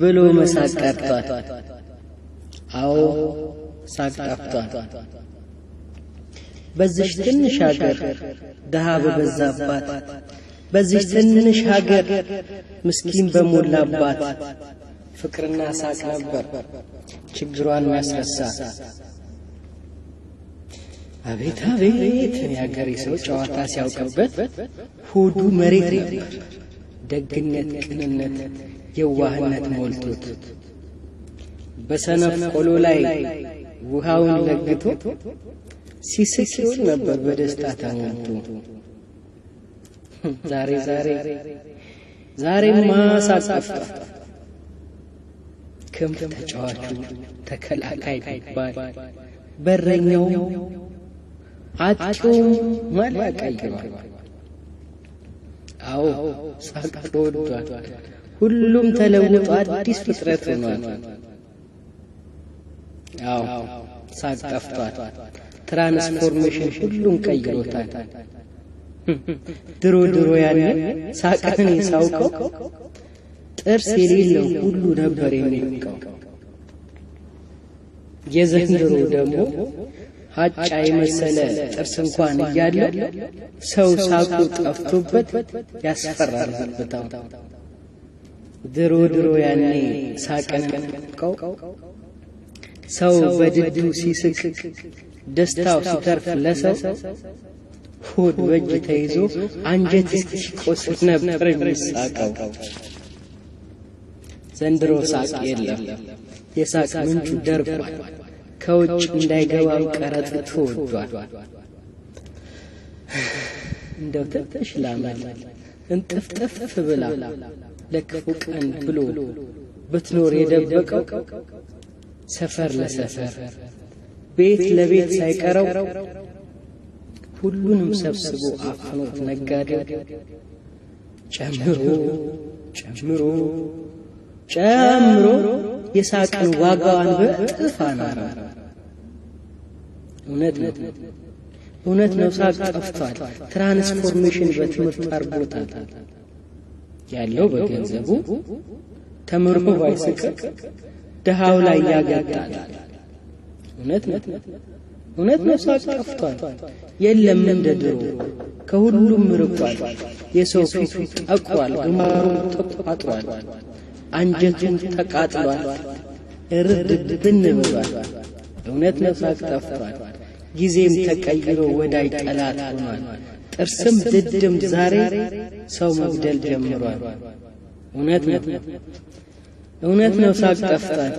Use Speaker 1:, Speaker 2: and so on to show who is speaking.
Speaker 1: ብሎ መሳቅ ቀርቷል። አዎ ሳቅ ጠፍቷል። ትንሽ ሀገር ድሃ በበዛባት፣ በዚህ ትንሽ ሀገር ምስኪን በሞላባት ፍቅርና ሳቅ ነበር ችግሯን ያስረሳት። አቤት አቤት እኔ ሀገሬ ሰው ጨዋታ ሲያውቅበት ሆዱ መሬት ነበር። ደግነት፣ ቅንነት፣ የዋህነት ሞልቶት በሰነፍ ቆሎ ላይ ውሃውን ለግቶ ሲስቅ ነበር በደስታ ተሞልቶ። ዛሬ ዛሬ ዛሬ ሳቅ ጠፍቷል። ክንፍ ተጫዋቹ ተከላካይ ይባል በረኛው አጡ መላ ቀይሯል። አዎ ሳቅ ተወዷል። ሁሉም ተለውጦ አዲስ ፍጥረት ሆኗል። አዎ ሳቅ ጠፍቷል። ትራንስፎርሜሽን ሁሉም ቀይሮታል። ድሮ ድሮ ያንን ሳቅን ሳውቀው ጥርስ የሌለው ሁሉ ነበር የሚውቀው። የዘንድሮ ደግሞ ሀጫ የመሰለ ጥርስ እንኳን እያለው ሰው ሳቁ ጠፍቶበት ያስፈራል ብታው። ድሮ ድሮ ያኔ ሳቀን ቀው ሰው በድዱ ሲስቅ ደስታው ሲተርፍ ለሰው ሆድ በእጅ ተይዞ አንጀት እስኪቆስል ነበር የሚሳቀው። ዘንድሮ ሳቅ የለም፣ የሳቅ ምንጩ ደርቋል። ከውጭ እንዳይገባው ቀረጥ ተወዷል። እንደው ትንሽ ላማል እንጥፍጥፍ ብላ ለክፉ ቀን ብሎ ብትኖር የደበቀው ሰፈር ለሰፈር ቤት ለቤት ሳይቀረው ሁሉንም ሰብስቦ አፍኖት ነጋዴ ጨምሮ ጨምሮ ጨምሮ የሳቅን ዋጋዋን በእጥፍ አኖረ። እውነት ነው እውነት ነው። ሳቅ ጠፍቷል። ትራንስፎርሜሽን በትምህርት አርጎታል። ያለው በገንዘቡ ተምሮ ባይስቅ ድሃው ላይ ያጋጣል። እውነት ነው እውነት ነው። ሳቅ ጠፍቷል። የለም እንደ ድሮ ከሁሉም ርቋል። የሰው ፊቱ ጠቋል፣ ግንባሩም ተቋጥሯል። አንጀቱን ተቃጥሏል፣ እርድ ብን ብሏል። እውነት መፋቅ ጠፍቷል፣ ጊዜም ተቀይሮ ወዳይ ጠላት ሆኗል። ጥርስም ድድም ዛሬ ሰው መግደል ጀምሯል። እውነት ነው እውነት ነው መፋቅ ጠፍቷል